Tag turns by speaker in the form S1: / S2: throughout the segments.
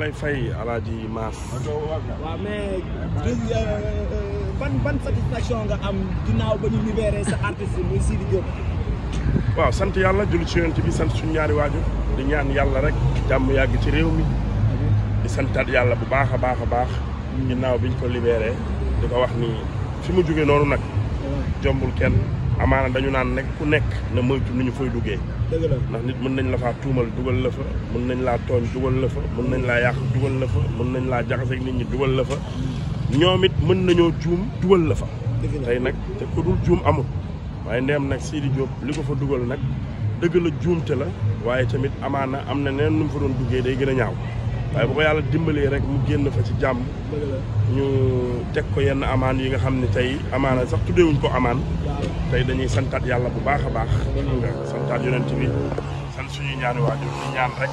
S1: lay fay alaaji Maas.
S2: waaw mais euh, ban ban satisfaction nga am ginnaaw ba ñu libéré sa artiste muy Sidy Diop. waaw sant
S1: yàlla julli ci bi sant suñ ñaari waajur di ñaan yàlla rek jàmm yàgg ci réew mi di santaat yàlla bu baax a baax a baax naaw biñ ko libéré di wax ni fi mu jóge noonu nag jombul kenn amaana dañu naan nekk ku nekk na moytu nu ñu fay duggee. ndax nit mën nañ la faa tuumal dugal la fa mën nañ laa tooñ dugal la fa mën nañ laa yàq dugal la fa mën nañ laa jaxaseeg nit ñi dugal la fa ñoom it mën nañoo juum dugal la fa tey nag te ku dul juum amul waaye ndeem nag Sidi Diop li ko fa dugal nag dëgg la juumte la waaye tamit amaana am na neen nu mu fa doon duggee day gën a ñaaw waaye bu ko yàlla dimbalee rek mu génn fa ci jàmm ñu teg ko yenn amaan yi nga xam ne tey amaana sax tuddewuñ ko amaan tey dañuy santaat yàlla bu baax a baax nga santaat yonent bi sant suñuy ñaani waajur ñu ñaan rek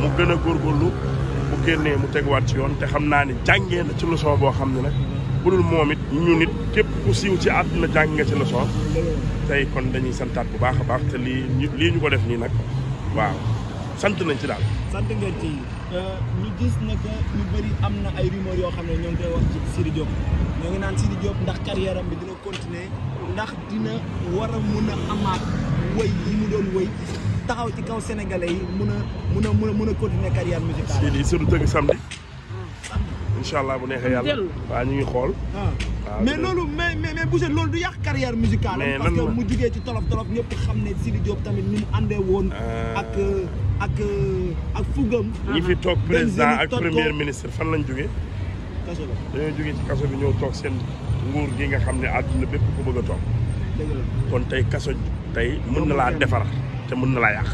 S1: mu gën góor góorgóorlu bu génnee mu teguwaat ci yoon te xam naa ni jàngee na ci leçon boo xam ne nag bu moom it ñu nit képp ku siiw ci àdduna jàng nga ci leçon tey kon dañuy santaat bu baax a baax te lii lii ñu ko def nii nag waaw sant nañ ci daal
S2: ñu gis ne que ñu bari am na ay rumeur yoo xam ne ñoo ngi koy wax ci Siri Diop ñoo ngi naan Siri Diop ndax carrière am bi dina continuer ndax dina war a mun a amaat way yi mu doon way taxaw ci kaw sénégalais yi mun a mun a mun a mun a continuer carrière musicale.
S1: Siri surtout tëgg samedi. Hmm. incha allah bu ah, neexee yàlla. waaw ñu ngi xool. mais hmm. ah, loolu
S2: mais mais mais bouger loolu du ya yàq carrière musicale. parce que mu jugee ci tolof tolof ñëpp xam ne Siri Diop tamit ni mu àndee woon. ak ah. ak euh, ak fugam. ñi fi toog ah, président ak première ministre
S1: fan lañ jógee. kaso la dañoo jógee ci kaso bi ñëw toog seen nguur gi nga xam ne àdduna bépp ko bëgg a toog. kon tey kaso tey mën na laa defar te mën na laa yàq.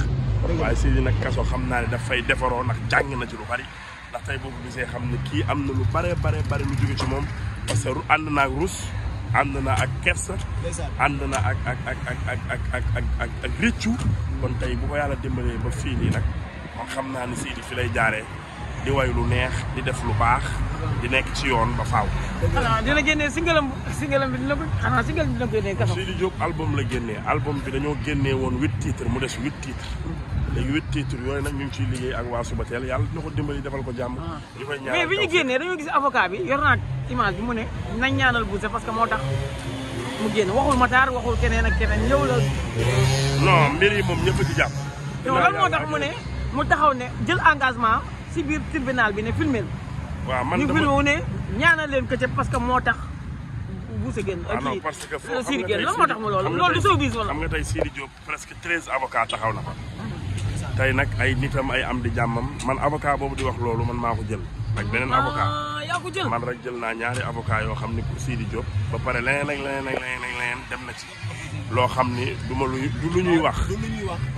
S1: waaye si nag kaso xam naa ne daf fay defaroo ndax jàng na ci lu bari ndax tey boo ko gisee xam ne kii am na lu bare bare bare lu jóge ci moom parce que ànd naa ak rus. ànd na ak kersa ànd na ak ak ak ak ak ak ak ak ak rëccu kon tey bu ko yàlla dimbalee ba fii nii nag man xam naa ni Sidy fi lay jaaree di way lu neex di def lu baax di nekk ci yoon ba faaw.
S2: xanaa dina génnee singalam singalam
S1: bi dina ko xanaa singal bi dina ko génnee. Sidy Diop album la génnee album bi dañoo génnee woon huit titres mu des huit titres. léegi huit titres yooyu nag ñu ngi ciy liggéey a waa suba teel yàlla dina ko dimbali defal ko jàmm.
S2: li ah. koy ñaanal mais bi ñu génnee dañoo gis avocat bi yor naa image bi mu ne nañ ñaanal Boucher parce que moo tax mu génn waxul Matar waxul keneen ak keneen yow la. non mbir moom ñëpp ci
S1: jàpp. yow lan moo tax mu ne
S2: mu taxaw ne jël engagement si biir tribunal bi ne filmé.
S1: waaw man dama ñu filmé wu
S2: ne ñaanal leen këccëg parce que moo tax. Boucher génn ak ah kii parce que foofu xam nga tey Sidi lan moo tax mu loolu du showbiz
S1: wala. xam presque treize avocats taxaw na tey nag ay nitam ay am di jàmmam man avocat boobu di wax loolu man maa ko jël ak beneen avocat ah, man rek jël naa ñaari avocat yoo xam ni pour Sidi Diop ba pare leneen ak leneen ak leneen ak leneen dem na ci loo xam ni du ma lu du ñuy wax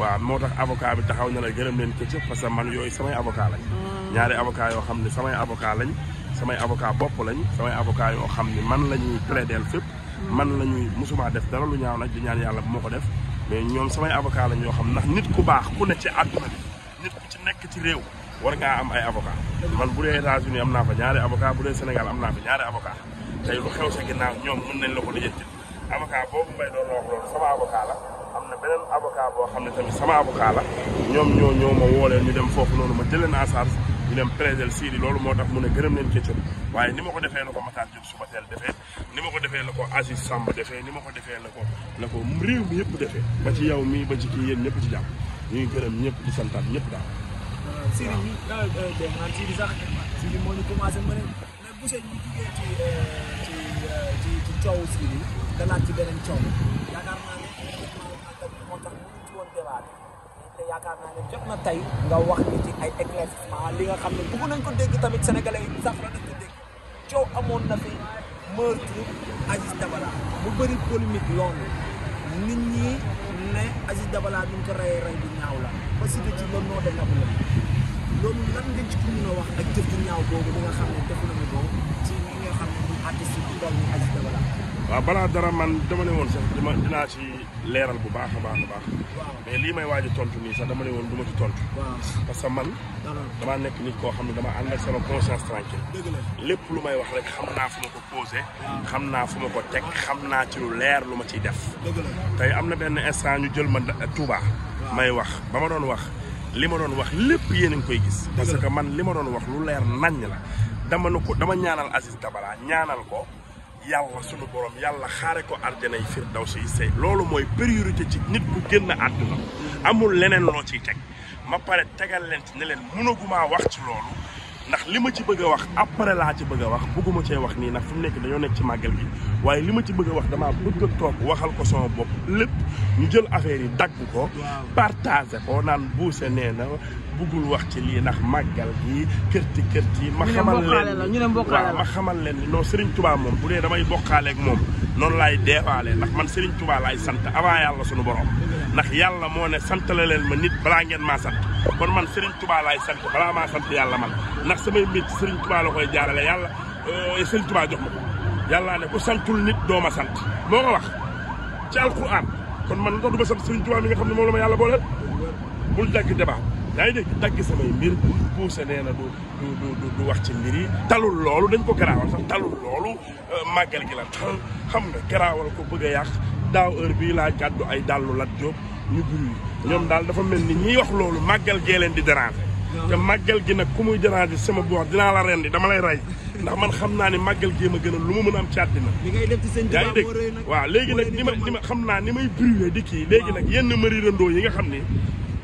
S1: waaw moo tax avocat bi taxaw na la gërëm leen këccëg parce que man yooyu samay avocat lañ ah. ñaari avocat yoo xam ni samay avocat lañ samay avocat bopp lañ samay avocat yoo xam ni man la ñuy plaider fépp
S2: mm. man
S1: la ñuy musuma def dara lu ñaaw nag di ñaan yàlla bu ma ko def mais ñoom samay avocat la ñoo xam ndax nit ku baax ku ne ci àdduna bi nit ci nekk ci réew war ngaa am ay avocat man bu dee États-Unis am naa fa ñaari avocat bu dee Sénégal am naa fa ñaari avocat tey lu xew sa ginnaaw ñoom mën nañ la ko lijjanti avocat boobu mbay doon wax loolu sama avocat la am na beneen avocat boo xam ne tamit sama avocat la ñoom ñoo ñoo woolee ñu dem foofu noonu ma jëleen en charge ñu présel sii lolu motax mu ne gërëm leen ci ci waye nima ko defee lako ko Matar suba tel defee nima ko defee lako Aziz samba defee nima ko defee lako lako rew ko réew mi yëpp defee ba ci yaw mi ba ci ki yeen ñëpp ci jàpp ñu ngi gërëm ñëpp di santaat ñëpp daal. waaw Sidi ñu
S2: daal dégg naa Sidi sax Sidi mo ñu commencé mën a mais bu see ñu jugee ci ci ci ci coow Sidi dalaat ci beneen coow yaakaar naa ne moo tax mu ci woon débat te yaakaar naa ne jot na tey nga wax ni ci ay éclaircissement li nga xam ne bëgg nañ ko dégg tamit sénégalais yi sax nañ ko dégg coow amoon na fi meurtre Aziz Dabala mu bëri polémique loolu nit ñi ne Aziz Dabala duñ ko reyee rey bu ñaaw la ba ci loolu noo de nabu la loolu lan nga ci ko mën a wax ak jëf bu ñaaw boobu li nga xam ne def nañu ko ci ñi nga xam ne muy artiste yi toll ni Aziz Dabala
S1: waaw balaa dara man dama ne woon sax dama dinaa ci leeral bu baax a baax a lii may waaj a tontu nii sax dama ne woon du ma ci tontu parce que man dama nekk nit koo xam ne dama ànd ak sama conscience tranquille lépp lu may wax rek xam naa fu ma ko posé xam naa fu ma ko teg xam naa ci lu leer lu ma ciy def tey am na benn instant ñu jël ma eh, Touba may wax ba ma doon wax li ma doon wax lépp yéen a ngi koy gis parce que man li ma doon wax lu leer naññ la dama ko dama ñaanal Aziz balaa ñaanal ko yàlla sunu borom yàlla xaare ko àjjana yi firdawsi si sey loolu mooy priorité ci nit ku génn àdduna amul leneen loo ciy teg ma pare tegal leen ci ne leen mënaguma wax ci loolu ndax li ma ci bëgg a wax après laa ci bëgg a wax bëgguma cee wax nii ndax fu mu nekk dañoo nekk ci màggal gi waaye li ma ci bëgg a wax damaa bëgg a toog waxal ko sama bopp lépp ñu jël affaire yi dagg ko partagé ko naan buuse nee na bëggul wax ci lii ndax màggal gi kërti kërti ma xamal leen waaw ma xamal leen non Serigne Touba moom bu dee damay bokkaaleeg moom noonu laay deewaale ndax man Serigne Touba laay sant avant yàlla sunu borom ndax yàlla moo ne sant la leen ma nit balaa ngeen maa sant kon man Serigne Touba laay sant balaa maa sant yàlla man ndax samay mbir ci Serigne Touba la koy jaarale yàlla eh, Serigne Touba jox ma ko yàllaa ne ku santul nit doo sant moo ko wax ci alquran kon man ndax du ma sant Serigne Touba mi nga xam ne moom la ma yàlla booleel bul dagg débat yaa ngi dégg dagg samay mbir puuse nee na du du du wax ci mbir yi talul loolu dañ ko garaawal sax talul loolu eh, màggal gi la tal xam nga garaawal ko bëgg a yàq daaw heure bii laa gàddu ay dàllu la jóob ñu bruit ñoom daal dafa mel ni ñiy wax loolu màggal gee leen di déranger te màggal gi nag ku muy déranger sama boor dinaa la rendi dama lay rey ndax man xam naa ne màggal gee ma gënal lu ma mën a am ci àddina yaa ngi dégg waaw léegi nag ni ma ni ma xam naa ni may bruit di kii léegi nag yenn marirandoo yi nga xam ne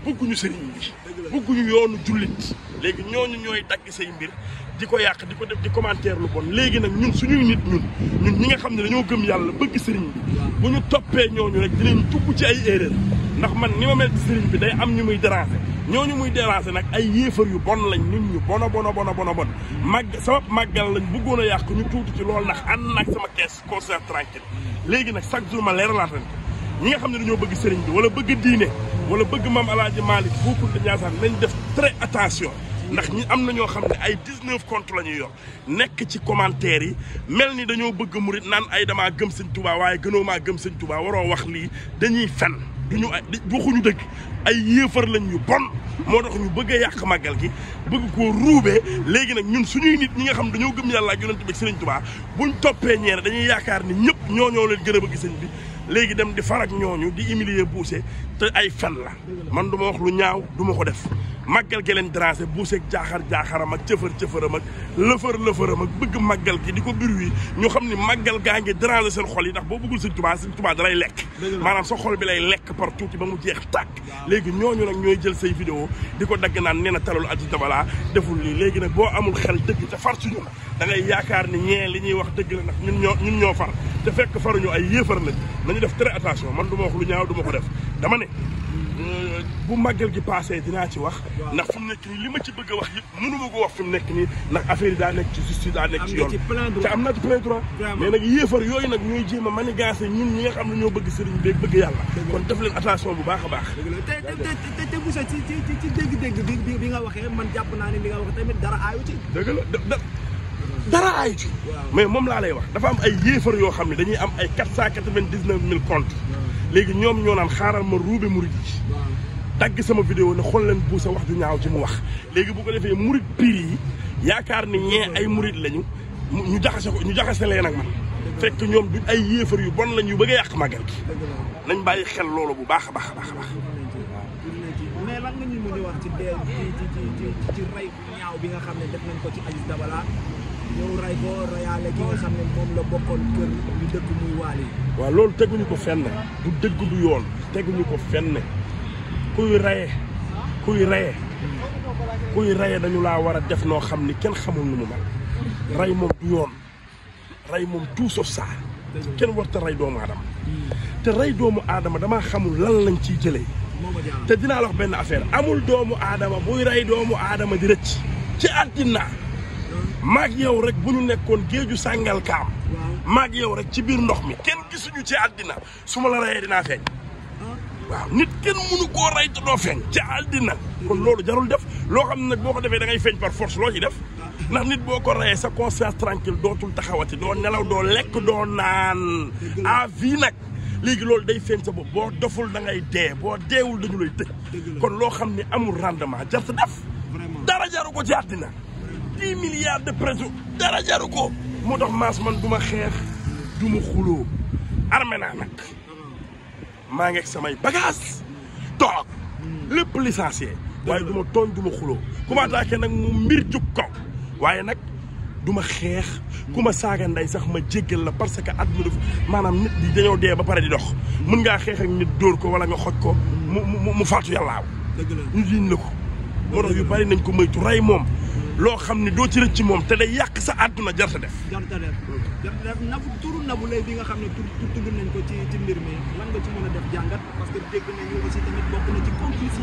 S1: bëgguñu sëriñ bi bëgguñu yoonu jullit léegi ñooñu ñooy dagg say mbir di ko yàq di ko def di commentaire lu kon léegi nag ñun suñuy nit ñun ñun ñi nga xam ne dañoo gëm yàlla bëgg sëriñ bi bu ñu toppee ñooñu rek dinañ dugg ci ay erreur ndax man ni ma mel ci sëriñ bi day am ñu muy déranger ñu muy déranger nag ay yéefar yu bon lañ nit ñu bona bona bona bona bon màgg sabab màggal lañ bëggoon a yàq ñu tuuti ci loolu ndax ànd naag sama kees concert tranquille léegi nag chaque jour ma leeralaat leen ñi nga xam ne dañoo bëgg sëriñ bi wala bëgg diine wala bëgg maam alaaji Malick buupour de Ndiassane nañ def très attention ndax ñi am na ñoo xam ne ay 19 compte la ñuy yor nekk ci commentaire yi mel ni dañoo bëgg murit naan ay damaa gëm sëñ waaye gënoo maa gëm sëñ Tuubaa waroo wax lii dañuy fen duñu ay waxuñu dëgg ay yéefar lañ ñu bon moo tax ñu bëgg a yàq màggal gi bëgg koo ruubee léegi nag ñun suñuy nit ñi nga xam dañoo gëm yàlla ak yonent bi ak Sëriñ Tuubaa buñ toppee ñeene dañuy yaakaar ni ñëpp ñoo ñoo leen gën a bëgg sëñ bi léegi dem di farak ñooñu di humilier buuse te ay fen la man du ma wax lu ñaaw du ma ko def màggal gi leen dérangé buuseeg jaaxar jaaxaram ak cëfër cëfëram ak lëfër lëfëram ak bëgg màggal gi di ko bir wi ñu xam ni màggal gaa ngi dérangé seen xol yi ndax boo bëggul sëñ tubaa sëñ tubaa da lay lekk maanaam sa xol bi lay lekk par tuuti ba mu jeex tàkk léegi ñooñu nag ñooy jël say vidéo di ko dagg naan nee na talul aji dabala deful lii léegi nag boo amul xel dëgg te far yaakaar ni ñee li ñuy wax dëgg la ndax ñun ñoo ñun ñoo te fekk faruñu ay yéefar lañ nañu def très attention man du ma wax lu ñaaw du ma ko def dama ne bu màggal gi passé dinaa ci wax ndax fi mu nekk nii li ma ci bëgg a wax yëpp mënu ma ko wax fi mu nekk nii ndax affaire yi daa nekk ci justice daa nekk ci yoon te am naa ci plein droit mais nag yéefar yooyu nag ñooy jéem a manigancé ñun ñi nga xam ne ñoo bëgg sëriñ beeg bëgg yàlla kon def leen attention bu baax a baax
S2: te te bu sa ci ci ci dégg-dégg bi bi nga waxee man jàpp naa ne li nga wax tamit dara aayu ci
S1: dëgg la dara ay ci mais mom la lay wax dafa am ay yéfer yo xamni dañuy am ay 499000 cent quatre vingt comptes léegi ñoom ñoo nan xaaral ma roubé mouride yi sama vidéo ne xol leen bousa wax du ñaaw ci mu wax légui bu ko défé mouride pire yi yaakar ni ñe ay mouride lañu ñu jaxase ko ñu jaxase lé nak man fekk ñom du ay yéfer yu bon lañu bëgg yàq magal gi nañ bàyyi xel loolu bu baax baax baax baax
S2: mais lan nga ñu mëni wax ci dee ci ci ci ci rey ñaaw bi nga xamné def nañ ko ci Aziz Dabala ñëw ray ko xam ne la bokkoon kër ñu dëkk muy
S1: waal yi. ko fenn du dëgg du yoon teguñu ko fenn kuy raye kuy raye kuy raye dañu laa war a def noo xam ni kenn xamul nu mu mel ray moom du yoon ray moom tout sauf ça kenn warta ray doomu aadama te ray doomu aadama damaa xamul lan lañ ciy jëlee te dinaa la benn affaire amul doomu aadama buy ray doomu aadama di rëcc ci àddina maag yow rek bu ñu nekkoon géeju sàngal kaam maag yow rek ci biir ndox mi kenn gisuñu ci àddina su ma la rayee dinaa feeñ ah. waaw nit kenn mënu koo rey te doo feeñ ci àddina kon loolu jarul def loo xam ne nag boo ko defee da ngay feeñ par force loo ci def ah. ndax nit boo ko reyee sa conscience tranquille dootul taxawati doo nelaw doo lekk doo naan à vie nag léegi loolu day feeñ sa bopp boo doful da ngay dee boo deewul dañu lay tëj kon loo xam ne amul rendement jarte def dara jaru ko ci àddina dix milliards de pesos dara jaru ko moo tax maas man du ma xeex du ma xuloo armé naa nag maa ngeeg samay bagage toog lépp licencié waaye du ma tooñ du ma xuloo ku ma nag mu mbir jug kaw waaye nag duma xeex ku ma saaga ndey sax ma jéggal la parce que at mu def maanaam nit dañoo dee ba pare di dox mën ngaa xeex ak nit dóor ko wala nga xoj ko mu mu faatu yàllaaw ñu jiiñ la ko moo tax yu bari nañ ko maytu rey moom loo xam ne doo ci rëcc moom te day yàq sa àdduna jarta def.
S2: jarta def jarta def nabu turu nabu lay bi nga xam ne tur tudd nañ ko ci ci mbir mi lan nga ci mën a def jàngat parce que dégg nañu ci complice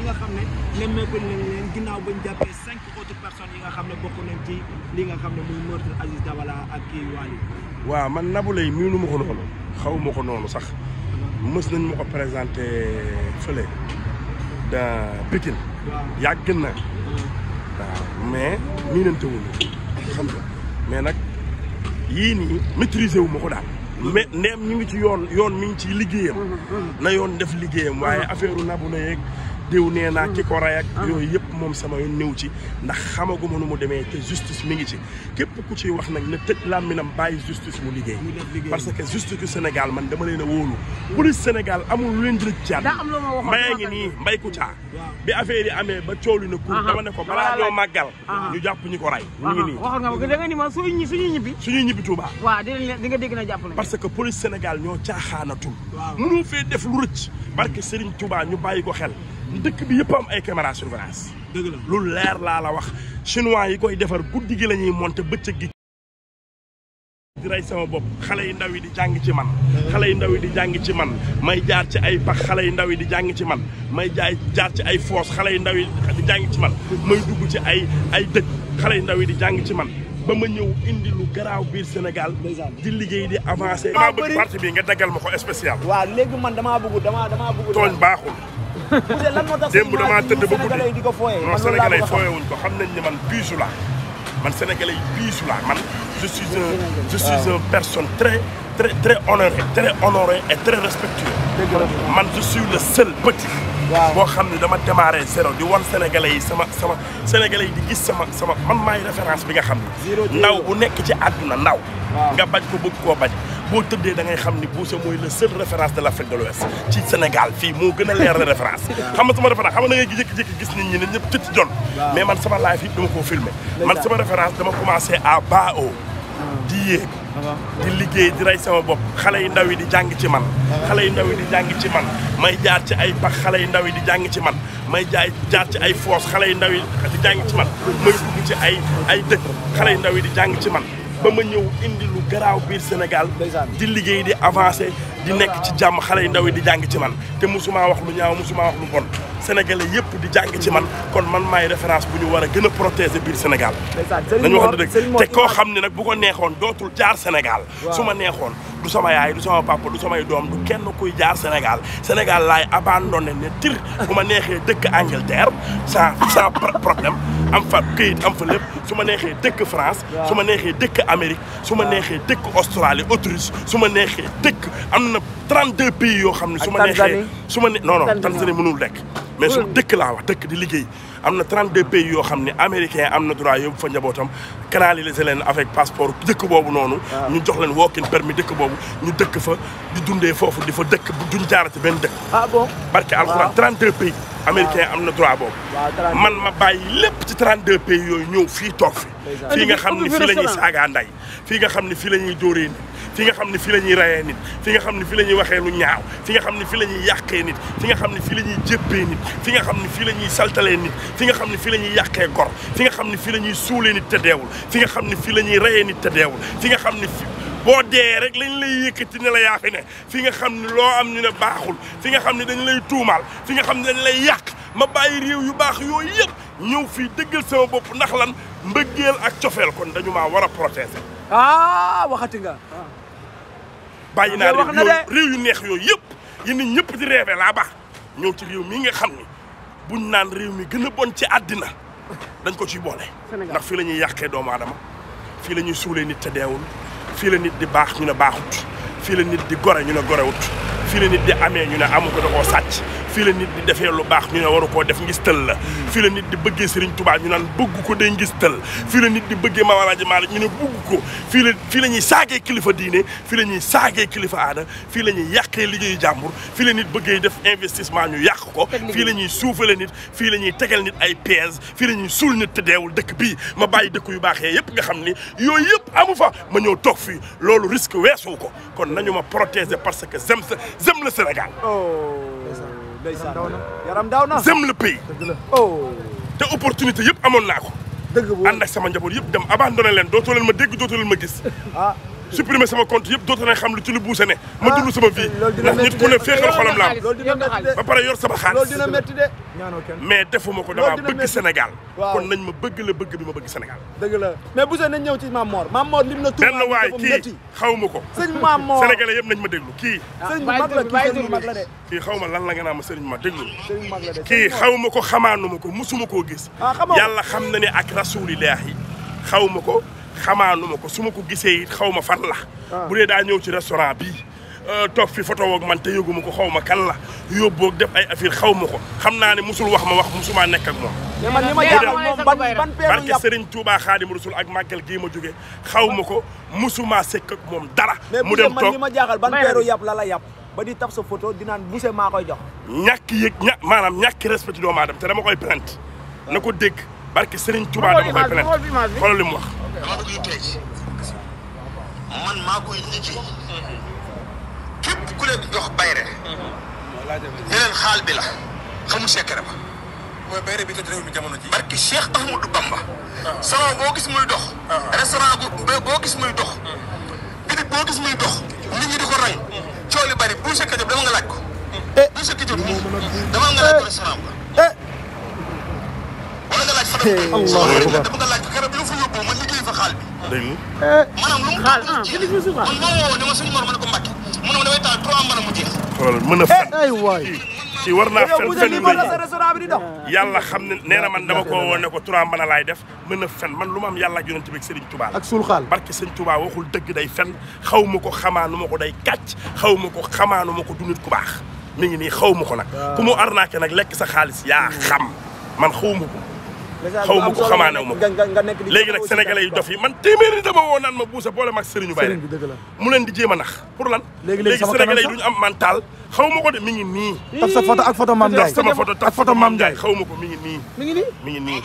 S2: ginnaaw bañ jàppee cinq autres personnes yi xam ne bokk nañ ci li nga xam ne muy meurtre Aziz Dabala ak kii Waly.
S1: waaw man nabu lay miinu ma ko noonu xaw ma ko noonu sax mës nañ ma ko présenté fële da Pikine yàgg na. mais miinante wuñu xam mais nag yii nii maîtriser wu ma ko daal. mais ndeem ñu ngi ci yoon yoon mi ngi ciy liggéeyam. Mm-hmm, mm-hmm. na yoon def liggéeyam waaye mm-hmm. affaire u nabu na yeeg. diw nee naa mm. ki ko rey ak ah. yooyu yëpp moom sama yoon néew ci ndax xamaguma nu mu demee te justice mi ngi ci képp ku ciy wax nag na tëj làmminam bàyyi justice mu liggéey parce que justice du Sénégal man dama leen a wóolu police Sénégal amul lu leen rëccaat mbayee ngi nii mbay Kouthia bi affaire yi amee ba coolu na kuur ne ko balaa ñoo màggal ñu jàpp ñu ko rey ñu ngi nii waxoon nga ma da nga ni ma suñu suñuy ñibbi suñuy ñibbi Touba nga parce que police Sénégal ñoo caaxaanatul mënoo fee def lu rëcc barke Serigne Touba ñu bàyyi ko xel dëkk bi yëpp am ay caméra surveillance dëgg la lu leer laa la wax chinois yi koy defar guddi gi la ñuy monter bëccëg gi di rey sama bopp xale yu ndaw yi di jàng ci man xale yu ndaw yi di jàng ci man may jaar ci ay pax xale yu ndaw yi di jàng ci man may jaay jaar ci ay foos xale yu ndaw yi di jàng ci man may dugg ci ay ay dëj xale yu ndaw yi di jàng ci man ba ma ñëw indi lu garaaw biir Sénégal di liggéey di avancé maa bëgg parti bi nga daggal ma ko spécial waaw léegi man damaa bëgg damaa damaa bëgg tooñ baaxul démb damaa tëdd ba guddi non sénégalais yi fooyee wuñ ko xam nañ ni man biisu laa man sénégalais yi bijou laa man je suis un je suis une personne très très très honorée très honoré et très respectueux man je suis le seul petit boo xam ne dama démarré zéro di wan sénégalais yi sama sama sénégalais yi di gis sama sama man maay référence bi nga xam ne ndaw bu nekk ci àdduna ndaw nga bañ ko bëgg koo bañ boo tëddee dangay xam ni Boucher mooy le seul référence de l' Afrique de l'Ouest ci Sénégal fii moo gën a leer la référence xam nga sama référence xam nga da ngay jékki gis nit ñi ne ñëpp tëdd jon mais man sama live yi dama koo filmé man sama référence dama commencé à bas hmm. di yéeg di liggéey di rey sama bopp xale yu ndaw yi di jàng ci man xale yu ndaw yi di jàng ci man may jaar ci ay pax xale yu ndaw yi di jàng ci man may jaay jaar ci ay foos xale yu ndaw yi jàng ci man ci ay ay dëkk xale yu ndaw yi di jàng ci man ba ma ñëw indi lu garaaw biir Sénégal di liggéey di avancé di nekk ci jàmm xale yu ndaw yi di jàng ci man te musuma wax lu ñaaw mosuma wax lu bon sénégalais yëpp di jàng ci man kon man maay référence bu ñu war a gën a protéger biir Sénégal nañu wax dëgg te koo xam ne nag bu ko neexoon dootul jaar Sénégal su ma neexoon du sama yaay du sama papa du samay doom du kenn koy jaar Sénégal Sénégal laay abandonné ne tir bu ma neexee dëkk Angleterre sans sans problème am fa këyit am fa lépp su ma neexee dëkk France su ma neexee dëkk Amérique su ma neexee dëkk Australie Autriche su ma neexee dëkk am na 32 pays yoo xam ne su ma neexee su ma ne non non Tanzanie mënul dekk mais su dëkk laa wax dëkk di liggéey am na 32 pays yoo xam ne américain am na droit yóbbu fa njabootam canaliser leen avec passeport dëkk boobu noonu. Ah. ñu jox leen walking permis dëkk boobu ñu dëkk fa di dundee foofu di fa dëkk duñ jaarati benn dëkk. ah bon barke alxuraan 32 ah. pays. Ah. américain am na droit boobu. man ma bàyyi lépp ci 32 pays yooyu ñëw fii toog fi. fii nga xam ne fii la ñuy fii nga xam ne fii la ñuy dóoree nit nga xam ne fii la ñuy rayee nit fi nga xam ne fii la ñuy waxee lu ñaaw fi nga xam ne fi la ñuy yàqee nit fi nga xam ne fi la ñuy jéppee nit fi nga xam ne fi la ñuy saltalee nit fi nga xamni fi lañuy la gor fi nga xamni fi lañuy soulé ni suulee te deewul fi nga xamni fi lañuy rayé ni reyee te deewul fi nga xamni ne fi boo dee rek lañ lay yëkkati ne la ya fi ne fi nga xamni lo am ñu ne baxul fi nga xamni dañ lay tuumal fi nga xamni dañ lay yàq ma bàyyi réew yu bax yoy yëpp ñëw fi dëggël sama bop ndax lan mbeggel ak ciofel kon dañu ma wara protéger. ah waxati nga.
S2: bayina réew
S1: yu neex yoy yëpp yi nit ñëpp di reebe la baax ñëw ci réew mi nga xamni buñ naan réew mi gën a bon ci àddina dañ ko ciy boole. ndax fii la ñuy yàqee doomu aadama fii la ñuy suulee nit te deewul fii la nit di baax ñu ne baaxut fii la nit di gore ñu ne gorewut fii la nit di amee ñu ne amu ko da koo sàcc. fii la nit di lu baax ñu ne waru koo def ngistal la fii la nit di bëggee Serigne Touba ñu naan bëgg ko day ngistal fii nit di bëggee Maam Alaaji Maalik ñu ne bëgg ko fii lañuy saagee kilifa diine fii la ñuy saagee kilifa aada fii la ñuy yàqee liggéeyu jàmbur fii la nit bëggee def investissement ñu yàq ko fii la ñuy suufale nit fii la ñuy tegal nit ay pièges fii la ñuy suul nit te deewul dëkk bii ma bàyyi dëkk yu baaxee yëpp nga xam ni yooyu yëpp amu fa ma ñëw toog fii loolu risque weesu ko kon nañu ma protéger parce que j'aime j'aime le Sénégal
S2: yaram daaw na j'aime
S1: le pays. oh. te opportunité yëpp amoon naa ko. dëgg ànd ak sama njaboot yëpp dem abandonné leen dootoo leen ma dégg dootoo leen ma gis. Ah. supprimer sama compte yëpp dootu na xam lu ci lu bousé ne ma dund sama vie ndax nit ku ne fexal xolam la ba pare yor sama xaalis
S2: mais defuma ko dama bëgg Sénégal kon
S1: nañ ma bëgg la bëgg bi ma bëgg Sénégal deug la mais bousé nañ ñëw ci mam Mor mam Mor lim na tu ben way ki xawma ko sëñ mam Mor sénégalais yëpp nañ ma déglu ki sëñ mag la ki sëñ mag la de ki xawma lan la nga naa ma señ mag déglu kii xaw ma ko xamaanuma ko musuma ko gis yàlla xam na ne ak rasulillahi xawma ko xamaanu ma ko su ma ko gisee it xaw ma fan la. bu dee daa ñëw ci restaurant bii. toog fi photo woog man te yëgu ma ko xaw ma kan la yóbboog def ay affaire xaw ma ko xam naa ne musul wax ma wax musuma nekk ak moom. man li ma
S2: barke Serigne
S1: Touba Xaadim Rasul ak màggal gii ma jóge xaw ma ko musuma sekk ak moom dara. mu dem toog mais man li ma jaaxal ban peeru yàpp la la yàpp ba di taf sa photo dinaan buse maa koy jox. ñàkk yëg ña maanaam ñàkk respect doomu aadama te dama koy plainte na ko dégg barke Serigne Touba dama koy plainte xoolal li mu wax.
S2: dama bëgg ñu tey man maa koy liggéey képp ku leen jox bayre ne xaal bi la xamul sekkere ba mooy bayre bi tëj réew mi jamono ji barki Cheikh Ahmadou Bamba ah. salon boo gis muy dox ah. restaurant boo gis muy dox ah. bitig boo gis muy dox nit ñi di ko rang coow li bari bu sekka jot dama nga laaj ko eh. bu sekka jot dama nga laaj ko restaurant ba eh. wala nga laaj fa dama nga laaj dañu manam lu xal ci li ko ci wax non dama suñu mor manako mbacke manam damay taal 3 manam mu jeex
S1: xolal meuna fen ay way ci warna fen fen yalla xamne neena man dama ko wone ko 3 mana lay def meuna fen man luma am yalla yonent bi serigne touba ak sul xal barke serigne touba waxul deug day fen xawmako xamanumako day katch xawmako xamanumako du nit ku bax mi ngi ni xawmako nak kumu arnaké nak lek sa xaliss ya xam man xawmako
S2: xaw ma ko xamaanew ma ko
S1: léegi nag sénégalais yu dof yi man téeméeri dama woo naan ma buusa boole mag sëriñu bay mu leen di jéem a nax pour lan léegi sénégalais yi duñu am mental xaw ko de mi ngi nii taf sa photo ak photo Mame Ndiaye sama ko mi ngi nii mi ngi nii mi ngi nii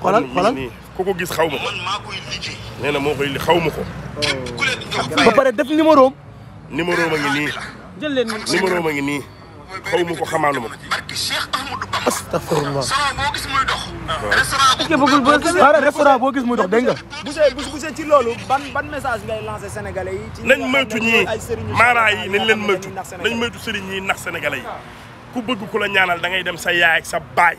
S1: xoolal xoolal ko gis xaw ma ko nee na moo koy li xaw ma ko ba pare def numéro numéro ma ngi nii
S2: jël leen numéro ma
S1: ngi nii xaw ma ko xamaanu ma
S2: ko. astafurlah.
S1: waaw restaurant
S2: boo gis muy dox dégg nga. bu see ci ban ban message ngay lancé sénégalais yi. nañ moytu yi nañ leen moytu nañ
S1: moytu sëriñ yi nax sénégalais yi ku bëgg ku la ñaanal da ngay dem sa ak sa baay.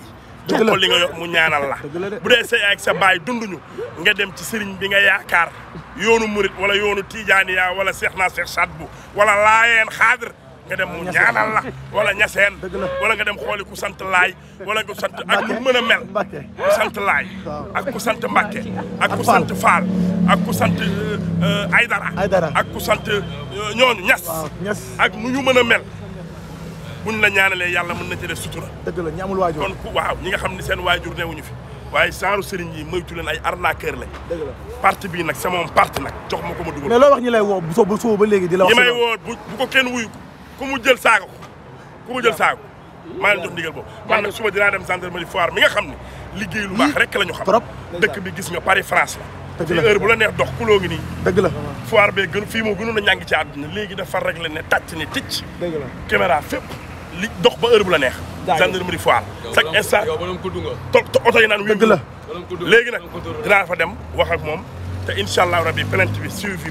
S1: jox ko li nga mu ñaanal la bu ak sa baay dunduñu nga dem ci sëriñ bi nga yaakaar yoonu murit wala yoonu tijaaniya wala seex naa seex saat bu wala laayeen xaadir nga dem mu ñaanal la wala ñaseen wala nga dem xooli ku sant laay wala ku sant ak ku mën a mel ku sant laay ak ku sant Mbàkke ak ku sant Faal euh, ak ku sant Aydara ak ku sant ñooñu ñas ak nu ñu mën a mel buñ la ñaanalee yàlla mën na ci def sutura dëgg la ñi amul waajur kon ku waaw ñi nga xam ne seen waajur newuñu fi waaye saaru sëriñ yi moytu leen ay arnaqueur lañ dëgg la parti bii nag sama moom parti nag jox ma ko ma dugal mais
S2: loo wax ñi lay woo bu soo ba léegi di la wax ñi may
S1: woo bu ku mu jël saaga ko ku mu jël saaga maa leen jox ndigal boobu man nag suba dinaa dem gendarmerie foire mi nga xam ne liggéey lu baax rek la ñu xam dëkk bi gis nga Paris France la ci heure la neex dox kuloo ngi nii dëgg la foire bee fii moo gënoon a ñàngi ci àdduna léegi dafa réglé ne tàcc ne ticc caméra fépp li dox ba heure bu la neex gendarmerie foire chaque instant to oto yi naan wéngu la léegi nag dinaa fa dem wax ak moom te incha allah rabbi plainte bi suivi